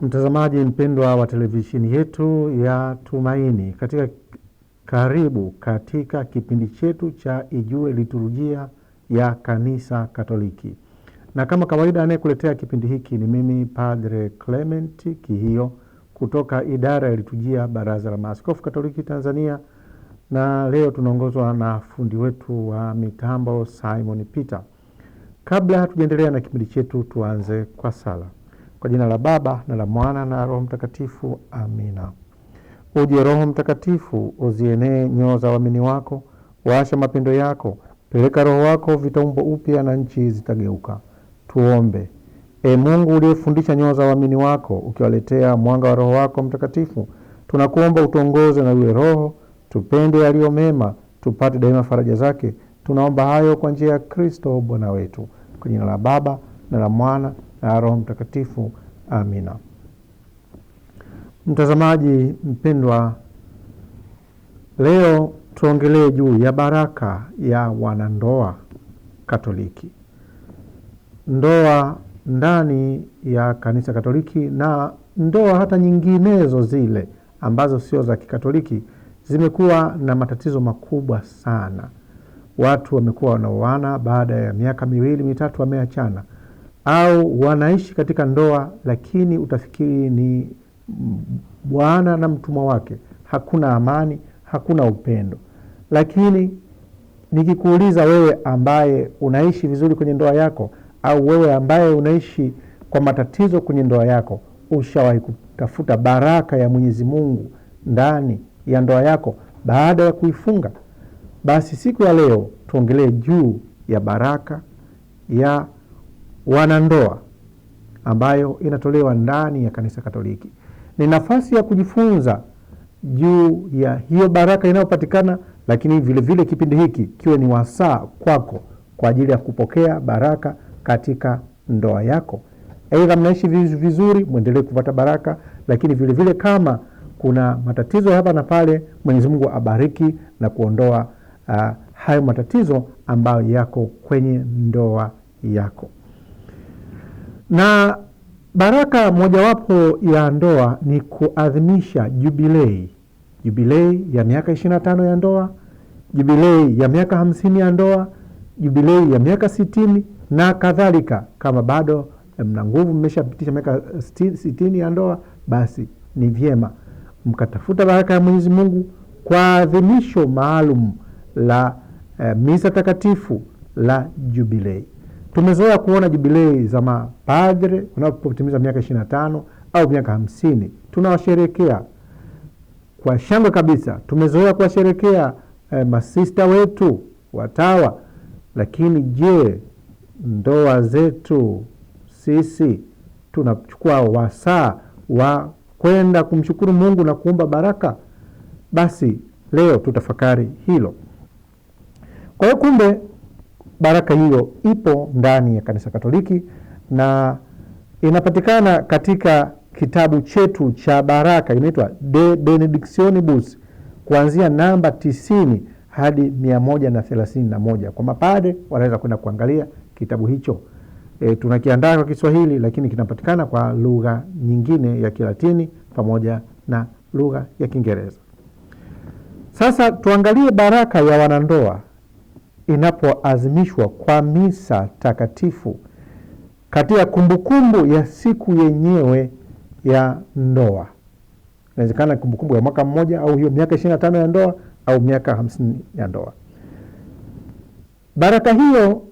Mtazamaji mpendwa wa televisheni yetu ya Tumaini, katika karibu katika kipindi chetu cha Ijue Liturujia ya Kanisa Katoliki, na kama kawaida anayekuletea kipindi hiki ni mimi Padre Clement Kihio kutoka idara ya liturujia, Baraza la Maaskofu Katoliki Tanzania, na leo tunaongozwa na fundi wetu wa mitambo Simon Peter. Kabla hatujaendelea na kipindi chetu, tuanze kwa sala. Kwa jina la Baba na la Mwana na Roho Mtakatifu, amina. Uje Roho Mtakatifu, uzienee nyoo za waamini wako, waasha mapendo yako, peleka Roho wako, vitaumbwa upya na nchi zitageuka. Tuombe. E Mungu uliyefundisha nyoo za waamini wako, ukiwaletea mwanga wa Roho wako Mtakatifu, tunakuomba utuongoze na yule Roho tupende yaliyo mema, tupate daima faraja zake. Tunaomba hayo kwa njia ya Kristo Bwana wetu. Kwa jina la Baba na la Mwana na Roho Mtakatifu. Amina. Mtazamaji mpendwa, leo tuongelee juu ya baraka ya wanandoa Katoliki, ndoa ndani ya kanisa Katoliki na ndoa hata nyinginezo zile ambazo sio za Kikatoliki zimekuwa na matatizo makubwa sana. Watu wamekuwa wanaoana, baada ya miaka miwili mitatu wameachana au wanaishi katika ndoa, lakini utafikiri ni bwana na mtumwa wake. Hakuna amani, hakuna upendo. Lakini nikikuuliza wewe ambaye unaishi vizuri kwenye ndoa yako, au wewe ambaye unaishi kwa matatizo kwenye ndoa yako, ushawahi kutafuta baraka ya Mwenyezi Mungu ndani ya ndoa yako baada ya kuifunga? Basi siku ya leo tuongelee juu ya baraka ya wanandoa ambayo inatolewa ndani ya kanisa Katoliki. Ni nafasi ya kujifunza juu ya hiyo baraka inayopatikana, lakini vilevile vile kipindi hiki kiwe ni wasaa kwako kwa ajili ya kupokea baraka katika ndoa yako. Aidha, mnaishi vizuri, mwendelee kupata baraka, lakini vilevile vile kama kuna matatizo hapa na pale, Mwenyezi Mungu abariki na kuondoa uh, hayo matatizo ambayo yako kwenye ndoa yako. Na baraka mojawapo ya ndoa ni kuadhimisha jubilei, jubilei ya miaka 25 ya ndoa, jubilei ya miaka hamsini ya ndoa, jubilei ya miaka sitini na kadhalika. Kama bado eh, mna nguvu, mmeshapitisha miaka sitini ya ndoa, basi ni vyema mkatafuta baraka ya Mwenyezi Mungu kwa adhimisho maalum la eh, misa takatifu la jubilei. Tumezoea kuona jubilei za mapadre wanapotimiza miaka ishirini na tano au miaka hamsini tunawasherekea kwa shangwe kabisa. Tumezoea kuwasherekea eh, masista wetu watawa. Lakini je, ndoa zetu sisi tunachukua wasaa wa kwenda kumshukuru Mungu na kuomba baraka? Basi leo tutafakari hilo. Kwa hiyo kumbe baraka hiyo ipo ndani ya kanisa Katoliki na inapatikana katika kitabu chetu cha baraka, inaitwa De Benedictionibus, kuanzia namba tisini hadi mia moja na thelathini na moja. Kwa mapade wanaweza kwenda kuangalia kitabu hicho. E, tunakiandaa kwa Kiswahili lakini kinapatikana kwa lugha nyingine ya Kilatini pamoja na lugha ya Kiingereza. Sasa tuangalie baraka ya wanandoa inapoazimishwa kwa misa takatifu katika kumbukumbu ya siku yenyewe ya ndoa. Inawezekana kumbukumbu ya mwaka mmoja au hiyo miaka ishirini na tano ya ndoa au miaka hamsini ya ndoa. Baraka hiyo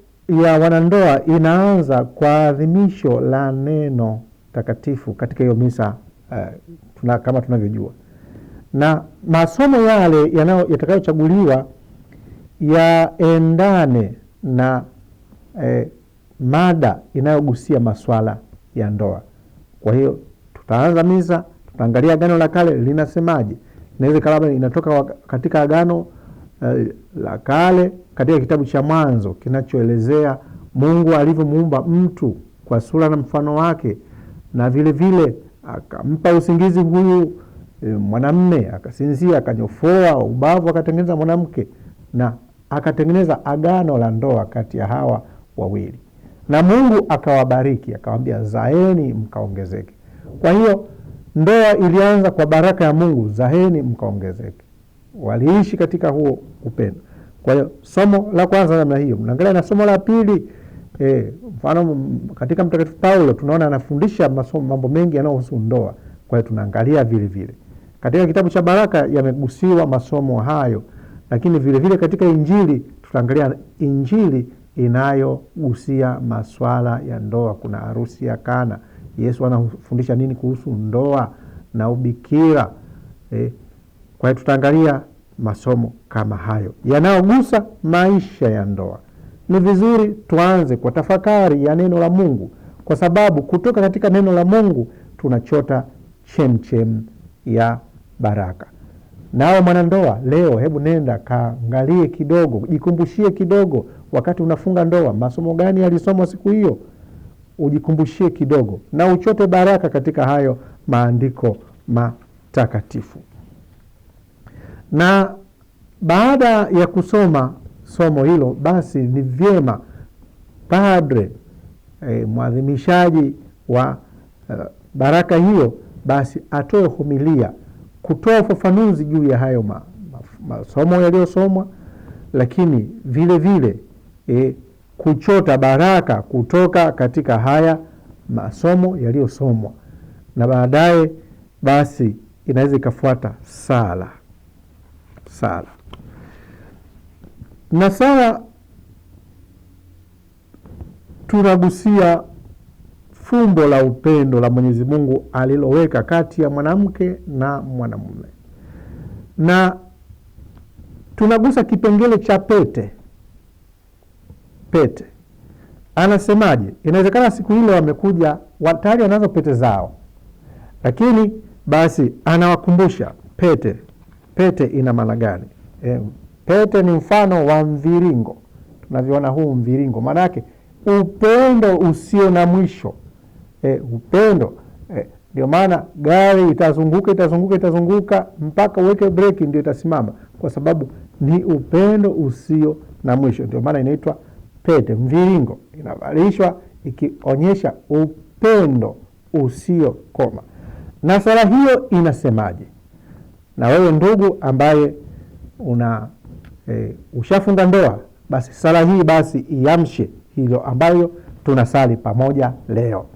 ya wanandoa inaanza kwa adhimisho la neno takatifu katika hiyo misa uh, tuna, kama tunavyojua na masomo yale yatakayochaguliwa yaendane na eh, mada inayogusia maswala ya ndoa. Kwa hiyo tutaanza misa, tutaangalia Agano la Kale linasemaje. Inaweza kalaba inatoka katika Agano eh, la Kale, katika kitabu cha Mwanzo kinachoelezea Mungu alivyomuumba mtu kwa sura na mfano wake, na vilevile akampa usingizi huyu e, mwanamme akasinzia, akanyofoa ubavu, akatengeneza mwanamke na akatengeneza agano la ndoa kati ya hawa wawili, na Mungu akawabariki akawambia, zaeni mkaongezeke. Kwa hiyo ndoa ilianza kwa baraka ya Mungu, zaeni mkaongezeke. Waliishi katika huo upendo. Kwa hiyo somo la kwanza namna hiyo, mnaangalia na somo la pili e, mfano katika Mtakatifu Paulo tunaona anafundisha mambo mengi yanayohusu ndoa. Kwa hiyo tunaangalia vilevile katika kitabu cha Baraka yamegusiwa masomo hayo. Lakini vilevile vile katika Injili tutaangalia Injili inayogusia maswala ya ndoa. Kuna harusi ya Kana, Yesu anafundisha nini kuhusu ndoa na ubikira eh? Kwa hiyo tutaangalia masomo kama hayo yanayogusa maisha ya ndoa. Ni vizuri tuanze kwa tafakari ya neno la Mungu, kwa sababu kutoka katika neno la Mungu tunachota chemchem ya baraka. Nawe mwanandoa, leo hebu nenda kaangalie kidogo, jikumbushie kidogo, wakati unafunga ndoa, masomo gani yalisomwa siku hiyo, ujikumbushie kidogo na uchote baraka katika hayo maandiko matakatifu. Na baada ya kusoma somo hilo, basi ni vyema padre e, mwadhimishaji wa e, baraka hiyo, basi atoe homilia kutoa ufafanuzi juu ya hayo ma, ma, masomo yaliyosomwa, lakini vile vile e, kuchota baraka kutoka katika haya masomo yaliyosomwa, na baadaye basi inaweza ikafuata sala sala na sala tunagusia fumbo la upendo la Mwenyezi Mungu aliloweka kati ya mwanamke na mwanamume. Na tunagusa kipengele cha pete. Pete anasemaje? Inawezekana siku ile wamekuja tayari anazo pete zao, lakini basi anawakumbusha pete. Pete ina maana gani? E, pete ni mfano wa mviringo tunavyoona huu mviringo, maana yake upendo usio na mwisho eh, upendo eh, ndio eh, maana gari itazunguka itazunguka itazunguka mpaka uweke breki ndio itasimama, kwa sababu ni upendo usio na mwisho. Ndio maana inaitwa pete mviringo, inavalishwa ikionyesha upendo usio koma Na sala hiyo inasemaje? Na wewe ndugu ambaye una e, ushafunga ndoa, basi sala hii basi iamshe hilo ambayo tunasali pamoja leo.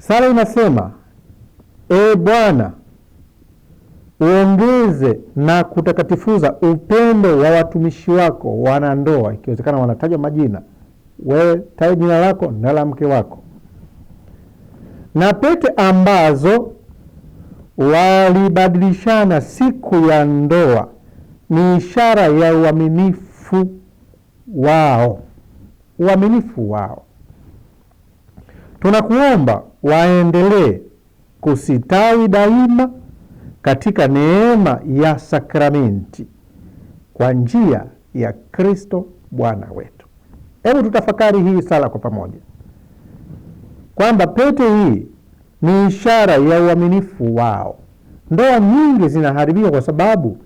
Sala inasema e Bwana, uongeze na kutakatifuza upendo wa watumishi wako wanandoa, ikiwezekana wanataja majina, wewe taja jina lako na la mke wako, na pete ambazo walibadilishana siku ya ndoa ni ishara ya uaminifu wao, uaminifu wao Tunakuomba waendelee kusitawi daima katika neema ya sakramenti kwa njia ya Kristo Bwana wetu. Hebu tutafakari hii sala kwa pamoja, kwamba pete hii ni ishara ya uaminifu wao. Ndoa nyingi zinaharibika kwa sababu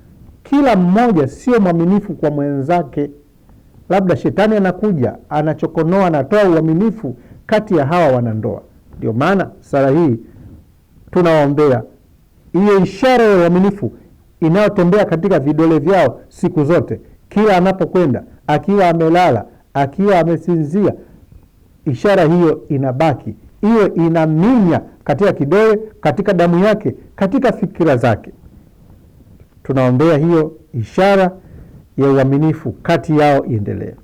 kila mmoja sio mwaminifu kwa mwenzake. Labda shetani anakuja, anachokonoa, anatoa uaminifu kati ya hawa wanandoa. Ndio maana sala hii tunawaombea hiyo ishara ya uaminifu inayotembea katika vidole vyao siku zote, kila anapokwenda, akiwa amelala, akiwa amesinzia, ishara hiyo inabaki, hiyo inaminya katika kidole, katika damu yake, katika fikira zake. Tunaombea hiyo ishara ya uaminifu kati yao iendelee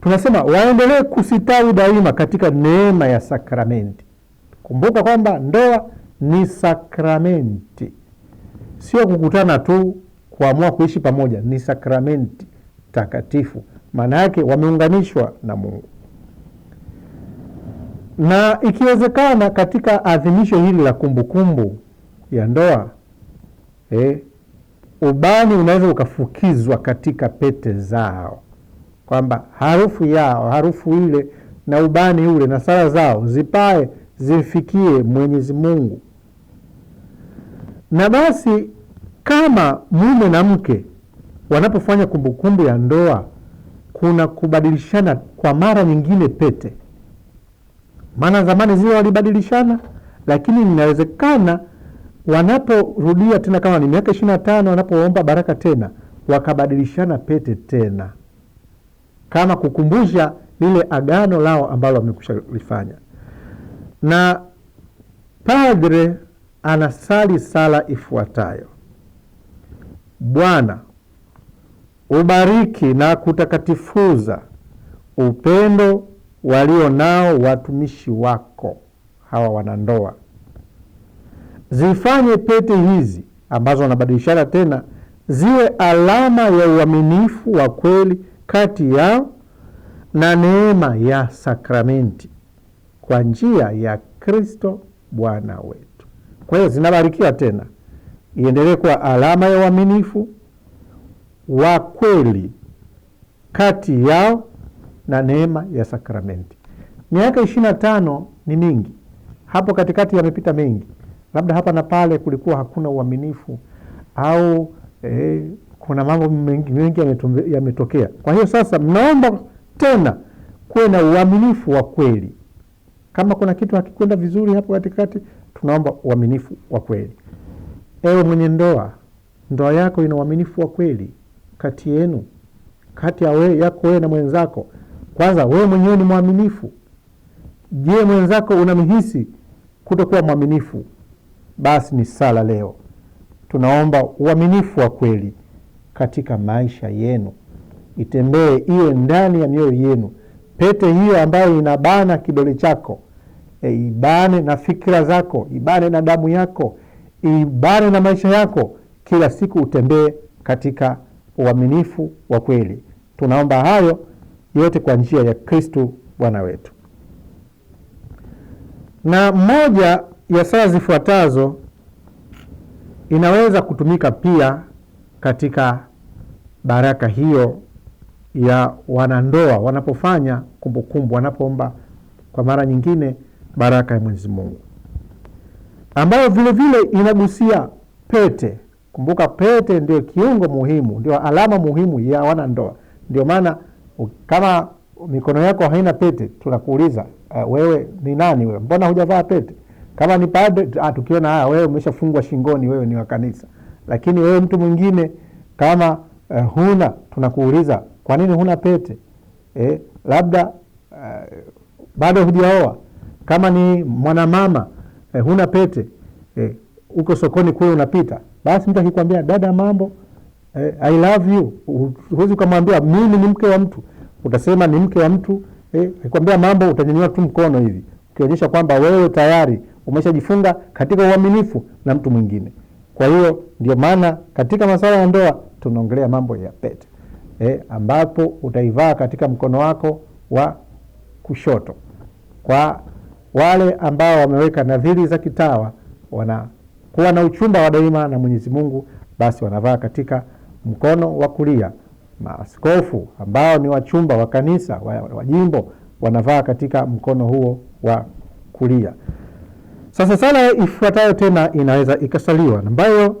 tunasema waendelee kusitawi daima katika neema ya sakramenti. Kumbuka kwamba ndoa ni sakramenti, sio kukutana tu, kuamua kuishi pamoja. Ni sakramenti takatifu, maana yake wameunganishwa na Mungu na ikiwezekana katika adhimisho hili la kumbukumbu kumbu ya ndoa eh, ubani unaweza ukafukizwa katika pete zao kwamba harufu yao harufu ile na ubani ule na sala zao zipae zimfikie Mwenyezi Mungu. Na basi kama mume na mke wanapofanya kumbukumbu ya ndoa, kuna kubadilishana kwa mara nyingine pete. Maana zamani zile walibadilishana, lakini inawezekana wanaporudia tena, kama ni miaka ishirini na tano wanapoomba baraka tena, wakabadilishana pete tena kama kukumbusha lile agano lao ambalo wamekusha lifanya. Na padre anasali sala ifuatayo: Bwana ubariki na kutakatifuza upendo walio nao watumishi wako hawa wanandoa. Zifanye pete hizi ambazo wanabadilishana tena ziwe alama ya uaminifu wa kweli kati yao na neema ya sakramenti kwa njia ya Kristo Bwana wetu. Kwa hiyo zinabarikiwa tena, iendelee kuwa alama ya uaminifu wa kweli kati yao na neema ya sakramenti. Miaka ishirini na tano ni mingi, hapo katikati yamepita mengi, labda hapa na pale kulikuwa hakuna uaminifu au eh, kuna mambo mengi mengi yametokea. Kwa hiyo sasa, mnaomba tena kuwe na uaminifu wa kweli. Kama kuna kitu hakikwenda vizuri hapo katikati, tunaomba uaminifu wa kweli. Ewe mwenye ndoa, ndoa yako ina uaminifu wa kweli kati yenu, kati ya we, yako wewe na mwenzako. Kwanza wewe mwenyewe ni mwaminifu. Je, mwenzako unamhisi kutokuwa mwaminifu? Basi ni sala leo, tunaomba uaminifu wa kweli katika maisha yenu, itembee iwe ndani ya mioyo yenu. Pete hiyo ambayo inabana kidole chako e, ibane na fikira zako, ibane na damu yako, ibane na maisha yako. Kila siku utembee katika uaminifu wa kweli. Tunaomba hayo yote kwa njia ya Kristu Bwana wetu. Na moja ya sala zifuatazo inaweza kutumika pia katika baraka hiyo ya wanandoa wanapofanya kumbukumbu, wanapoomba kwa mara nyingine baraka ya Mwenyezi Mungu, ambayo vilevile inagusia pete. Kumbuka pete ndio kiungo muhimu, ndio alama muhimu ya wanandoa. Ndio maana kama mikono yako haina pete, tunakuuliza uh, wewe ni nani wewe? Mbona hujavaa pete? Kama ni padre ah, tukiona, haya, ah, wewe umeshafungwa shingoni, wewe ni wa kanisa. Lakini wewe mtu mwingine kama eh, huna, tunakuuliza kwa nini huna pete eh, labda eh, bado hujaoa. Kama ni mwanamama eh, huna pete eh, uko sokoni kule unapita, basi mtu akikwambia dada, mambo eh, I love you, huwezi ukamwambia mimi ni mke wa mtu, utasema ni mke wa mtu eh, akikwambia mambo utanyanyua tu mkono hivi ukionyesha kwamba wewe tayari umeshajifunga katika uaminifu na mtu mwingine. Kwa hiyo ndio maana katika masuala ya ndoa tunaongelea mambo ya pete e, ambapo utaivaa katika mkono wako wa kushoto. Kwa wale ambao wameweka nadhiri za kitawa, wanakuwa na uchumba wa daima na Mwenyezi Mungu, basi wanavaa katika mkono wa kulia. Maaskofu ambao ni wachumba wa kanisa wa, wa jimbo wanavaa katika mkono huo wa kulia. Sasa sala ifuatayo tena inaweza ikasaliwa, ambayo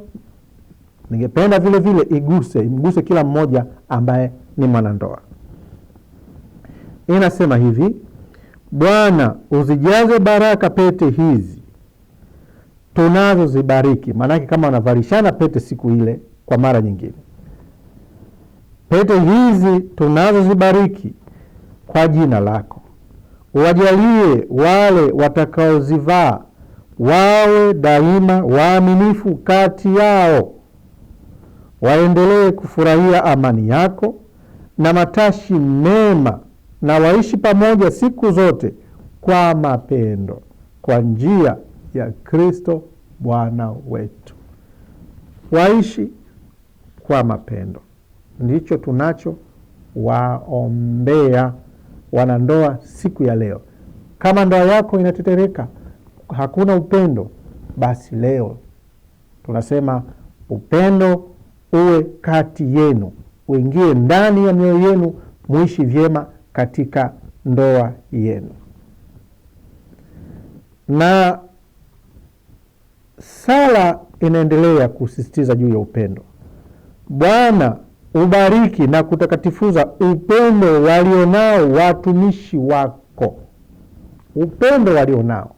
ningependa vile vile iguse imguse kila mmoja ambaye ni mwanandoa. Inasema hivi: Bwana, uzijaze baraka pete hizi tunazozibariki. Maanake kama wanavalishana pete siku ile kwa mara nyingine, pete hizi tunazozibariki kwa jina lako, wajalie wale watakaozivaa wawe daima waaminifu kati yao, waendelee kufurahia amani yako na matashi mema, na waishi pamoja siku zote kwa mapendo, kwa njia ya Kristo Bwana wetu. Waishi kwa mapendo, ndicho tunacho waombea wanandoa siku ya leo. Kama ndoa yako inatetereka hakuna upendo, basi leo tunasema upendo uwe kati yenu, uingie ndani ya mioyo yenu, muishi vyema katika ndoa yenu. Na sala inaendelea kusisitiza juu ya upendo. Bwana ubariki na kutakatifuza upendo walionao watumishi wako, upendo walionao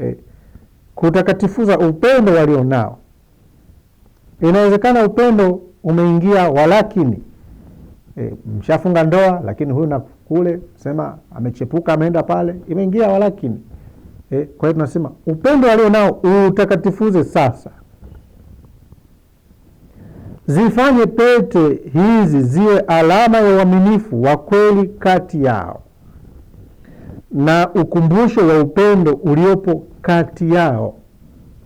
e, kutakatifuza upendo walionao. Inawezekana upendo umeingia walakini, e, eh, mshafunga ndoa, lakini huyu na kule sema amechepuka ameenda pale, imeingia walakini. E, eh, kwa hiyo tunasema upendo walionao utakatifuze sasa zifanye pete hizi ziwe alama ya uaminifu wa kweli kati yao na ukumbusho wa upendo uliopo kati yao.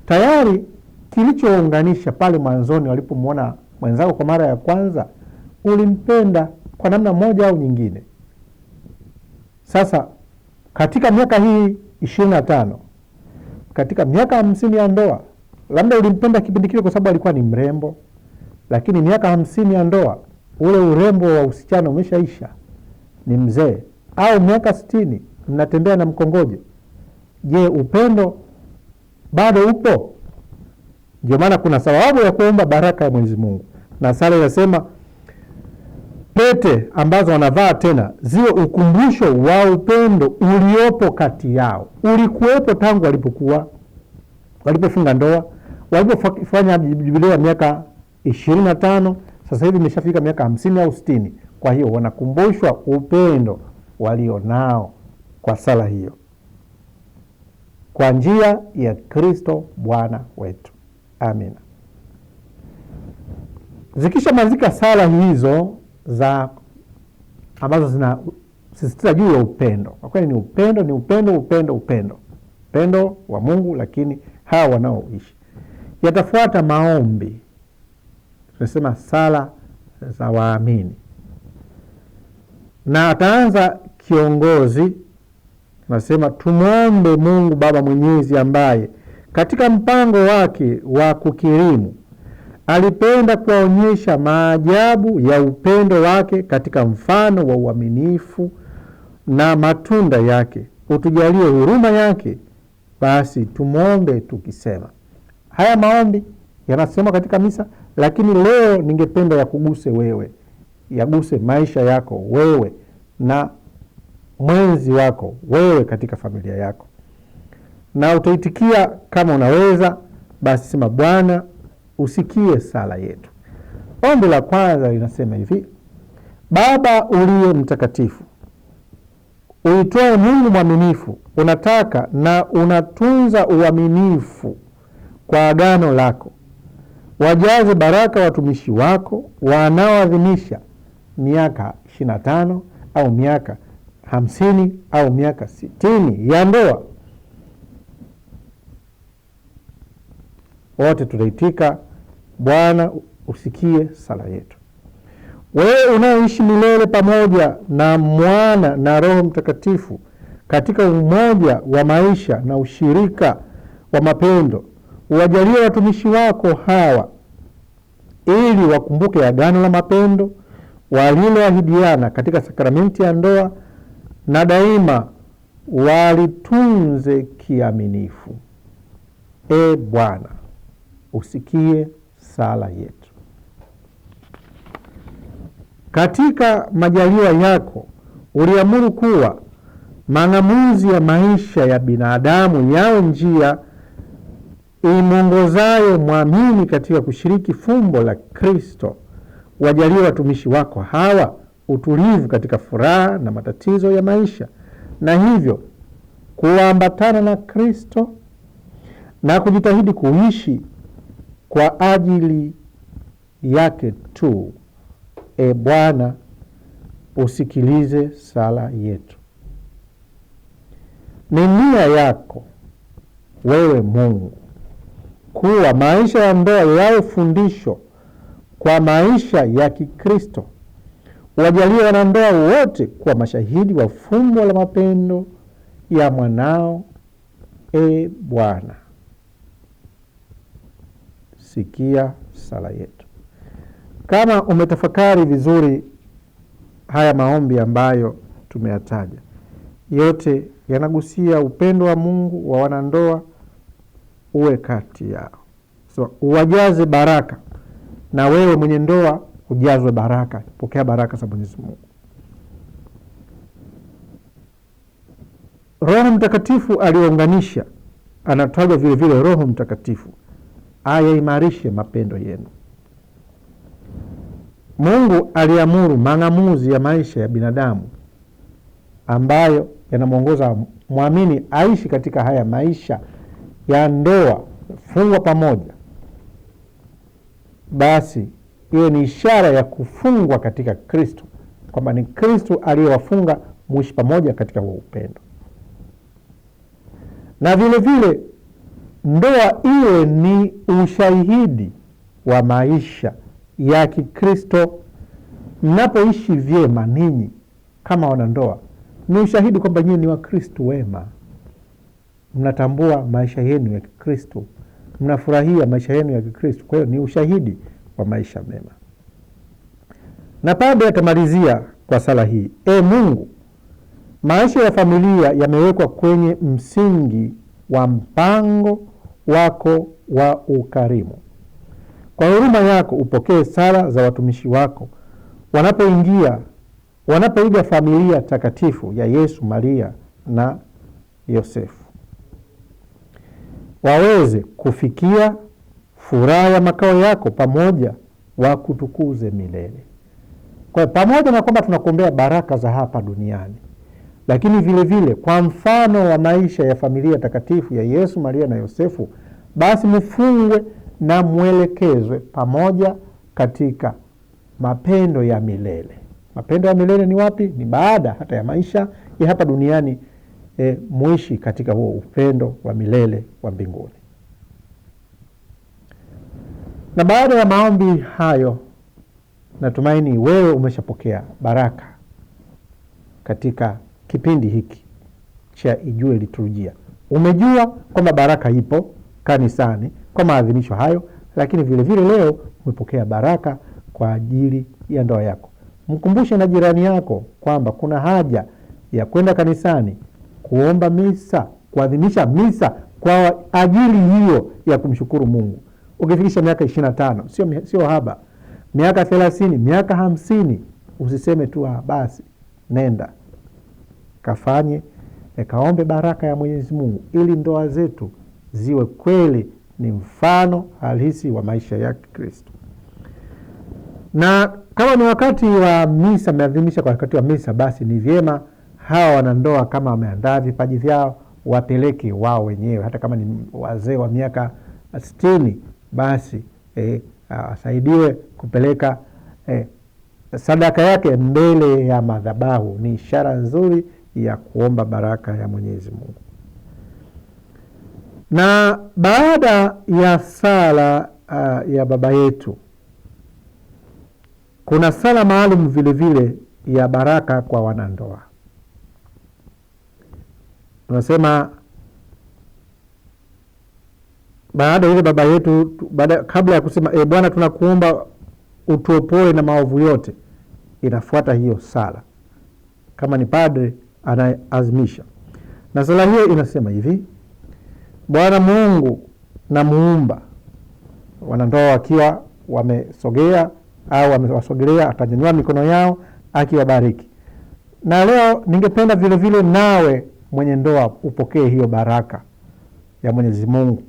Tayari kilichounganisha pale mwanzoni, walipomwona mwenzako kwa mara ya kwanza, ulimpenda kwa namna moja au nyingine. Sasa katika miaka hii ishirini na tano katika miaka hamsini ya ndoa, labda ulimpenda kipindi kile kwa sababu alikuwa ni mrembo, lakini miaka hamsini ya ndoa, ule urembo wa usichana umeshaisha, ni mzee. Au miaka sitini mnatembea na mkongojo. Je, upendo bado upo? Ndio maana kuna sababu ya kuomba baraka ya Mwenyezi Mungu, na sala inasema pete ambazo wanavaa tena ziwe ukumbusho wa upendo uliopo kati yao, ulikuwepo tangu walipokuwa walipofunga ndoa, walipofanya jubilei ya miaka ishirini na tano. Sasa hivi imeshafika miaka hamsini au sitini. Kwa hiyo wanakumbushwa upendo walionao kwa sala hiyo kwa njia ya Kristo Bwana wetu. Amina. Zikishamalizika sala hizo za ambazo zinasisitiza juu ya upendo, kwa kweli ni upendo, ni upendo, upendo, upendo, upendo wa Mungu, lakini hawa wanaoishi, yatafuata maombi, tunasema sala za waamini, na ataanza kiongozi Nasema tumwombe Mungu Baba Mwenyezi ambaye katika mpango wake wa kukirimu alipenda kuwaonyesha maajabu ya upendo wake katika mfano wa uaminifu na matunda yake, utujalie huruma yake. Basi tumwombe tukisema. Haya maombi yanasemwa katika misa, lakini leo ningependa yakuguse wewe, yaguse maisha yako wewe na mwenzi wako wewe katika familia yako, na utaitikia kama unaweza, basi sema Bwana, usikie sala yetu. Ombi la kwanza linasema hivi: Baba uliye mtakatifu, uitoe Mungu mwaminifu, unataka na unatunza uaminifu kwa agano lako, wajaze baraka watumishi wako wanaoadhimisha miaka ishirini na tano au miaka hamsini au miaka sitini ya ndoa? Wote tutaitika Bwana usikie sala yetu. Wewe unaoishi milele pamoja na mwana na Roho Mtakatifu katika umoja wa maisha na ushirika wa mapendo, uwajalie watumishi wako hawa ili wakumbuke agano la mapendo waliloahidiana katika sakramenti ya ndoa na daima walitunze kiaminifu. E Bwana, usikie sala yetu. Katika majaliwa yako uliamuru kuwa mang'amuzi ya maisha ya binadamu yao njia imwongozayo mwamini katika kushiriki fumbo la Kristo. Wajalie watumishi wako hawa utulivu katika furaha na matatizo ya maisha, na hivyo kuambatana na Kristo na kujitahidi kuishi kwa ajili yake tu. E Bwana, usikilize sala yetu. Ni nia yako wewe Mungu kuwa maisha ya ndoa yawe fundisho kwa maisha ya Kikristo wajalie wanandoa wote kuwa mashahidi wa fumbo la mapendo ya mwanao. E Bwana, sikia sala yetu. Kama umetafakari vizuri haya maombi ambayo tumeyataja, yote yanagusia upendo wa Mungu wa wanandoa uwe kati yao. So, uwajaze baraka na wewe mwenye ndoa ujazwe baraka, pokea baraka za Mwenyezi Mungu. Roho Mtakatifu aliyounganisha anatajwa vilevile Roho Mtakatifu ayaimarishe mapendo yenu. Mungu aliamuru mang'amuzi ya maisha ya binadamu ambayo yanamwongoza mwamini aishi katika haya maisha ya ndoa, fungwa pamoja, basi iwe ni ishara ya kufungwa katika Kristo, kwamba ni Kristo aliyewafunga muishi pamoja katika huo upendo, na vilevile ndoa iwe ni ushahidi wa maisha ya Kikristo. Mnapoishi vyema ninyi kama wanandoa, ni ushahidi kwamba nyinyi ni Wakristo wema, mnatambua maisha yenu ya Kikristo, mnafurahia maisha yenu ya Kikristo. Kwa hiyo ni ushahidi wa maisha mema. Na padre atamalizia kwa sala hii: E Mungu, maisha ya familia yamewekwa kwenye msingi wa mpango wako wa ukarimu. Kwa huruma yako upokee sala za watumishi wako wanapoingia wanapoiga familia takatifu ya Yesu, Maria na Yosefu, waweze kufikia furaha ya makao yako, pamoja wakutukuze milele. Kwa hiyo pamoja na kwamba tunakuombea baraka za hapa duniani, lakini vilevile vile, kwa mfano wa maisha ya familia takatifu ya Yesu, Maria na Yosefu, basi mfungwe na mwelekezwe pamoja katika mapendo ya milele. Mapendo ya milele ni wapi? Ni baada hata ya maisha ya hapa duniani. E, muishi katika huo upendo wa milele wa mbinguni. Na baada ya maombi hayo, natumaini wewe umeshapokea baraka katika kipindi hiki cha Ijue Liturujia. Umejua kwamba baraka ipo kanisani kwa maadhimisho hayo, lakini vilevile vile leo umepokea baraka kwa ajili ya ndoa yako. Mkumbushe na jirani yako kwamba kuna haja ya kwenda kanisani kuomba misa, kuadhimisha misa kwa ajili hiyo ya kumshukuru Mungu ukifikisha miaka ishirini na tano sio, sio haba, miaka thelathini, miaka hamsini, usiseme tu ah, basi, nenda kafanye kaombe baraka ya Mwenyezi Mungu ili ndoa zetu ziwe kweli ni mfano halisi wa maisha ya Kristo. Na kama ni wakati wa misa, ameadhimisha kwa wakati wa misa, basi ni vyema hawa wanandoa kama wameandaa vipaji vyao wapeleke wao wenyewe, hata kama ni wazee wa miaka sitini basi eh, asaidiwe kupeleka eh, sadaka yake mbele ya madhabahu. Ni ishara nzuri ya kuomba baraka ya Mwenyezi Mungu. Na baada ya sala uh, ya Baba Yetu kuna sala maalum vilevile ya baraka kwa wanandoa. Tunasema baada ile baba yetu baada, kabla ya kusema e Bwana tunakuomba utuopoe na maovu yote, inafuata hiyo sala kama ni padre anayeazimisha. Na sala hiyo inasema hivi: Bwana Mungu na Muumba. Wanandoa wakiwa wamesogea au wamewasogelea, atanyanyua mikono yao akiwabariki. Na leo ningependa vilevile, nawe mwenye ndoa, upokee hiyo baraka ya Mwenyezi Mungu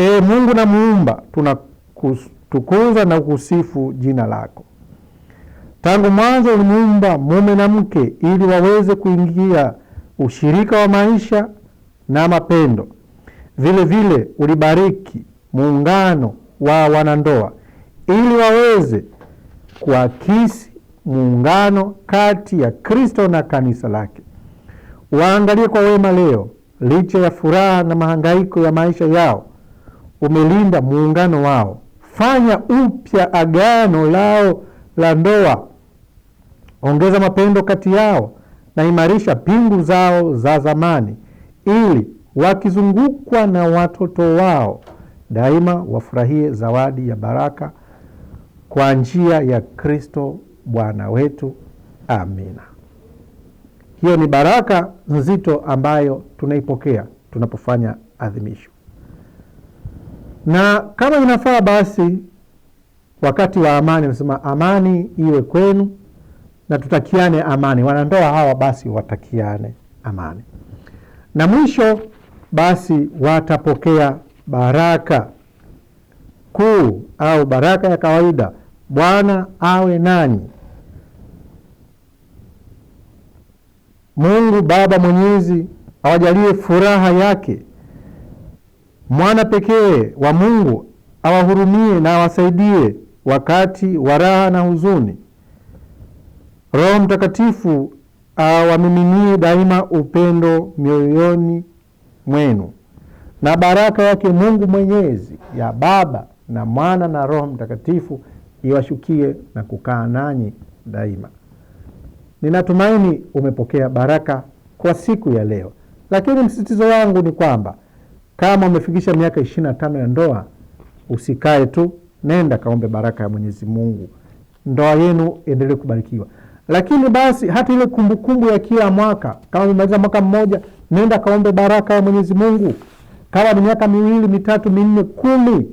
E Mungu na Muumba, tunakutukuza na kusifu jina lako. Tangu mwanzo ulimuumba mume na mke ili waweze kuingia ushirika wa maisha na mapendo. Vile vile ulibariki muungano wa wanandoa ili waweze kuakisi muungano kati ya Kristo na kanisa lake. Waangalie kwa wema leo, licha ya furaha na mahangaiko ya maisha yao umelinda muungano wao, fanya upya agano lao la ndoa, ongeza mapendo kati yao na imarisha pingu zao za zamani, ili wakizungukwa na watoto wao daima wafurahie zawadi ya baraka kwa njia ya Kristo Bwana wetu. Amina. Hiyo ni baraka nzito ambayo tunaipokea tunapofanya adhimisho na kama inafaa basi wakati wa amani, anasema amani iwe kwenu na tutakiane amani. Wanandoa hawa basi watakiane amani, na mwisho basi watapokea baraka kuu au baraka ya kawaida. Bwana awe nani Mungu Baba Mwenyezi awajalie furaha yake mwana pekee wa Mungu awahurumie na awasaidie wakati wa raha na huzuni. Roho Mtakatifu awamiminie daima upendo mioyoni mwenu, na baraka yake Mungu Mwenyezi ya Baba na Mwana na Roho Mtakatifu iwashukie na kukaa nanyi daima. Ninatumaini umepokea baraka kwa siku ya leo, lakini msisitizo wangu ni kwamba kama umefikisha miaka ishirini na tano ya ndoa, usikae tu, nenda kaombe baraka ya Mwenyezi Mungu, ndoa yenu endelee kubarikiwa. Lakini basi hata ile kumbukumbu ya kila mwaka, kama umemaliza mwaka mmoja, nenda kaombe baraka ya Mwenyezi Mungu. Kama ni miaka miwili, mitatu, minne, kumi,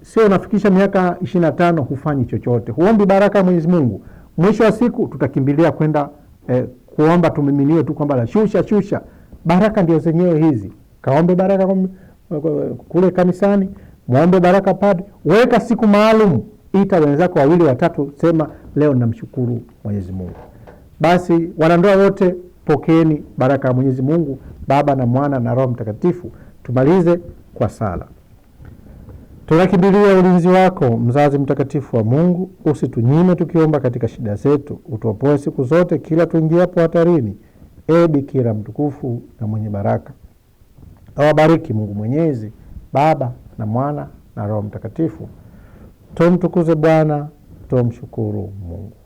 sio unafikisha miaka ishirini na tano hufanyi chochote, huombi baraka ya Mwenyezi Mungu. Mwisho wa siku tutakimbilia kwenda eh, kuomba tumiminiwe tu kwamba la shusha shusha. Baraka ndio zenyewe hizi kaombe baraka kule kanisani, mwombe baraka padre. Weka siku maalum, ita wenzako wawili watatu, sema leo namshukuru Mwenyezi Mungu. Basi wanandoa wote pokeeni baraka ya Mwenyezi Mungu Baba na Mwana na Roho Mtakatifu. Tumalize kwa sala. Tunakimbilia ulinzi wako, mzazi mtakatifu wa Mungu, usitunyime tukiomba katika shida zetu, utuopoe siku zote kila tuingiapo hatarini. ebi ee Bikira mtukufu na mwenye baraka Awabariki Mungu Mwenyezi, Baba na Mwana na Roho Mtakatifu. Tumtukuze Bwana, tumshukuru Mungu.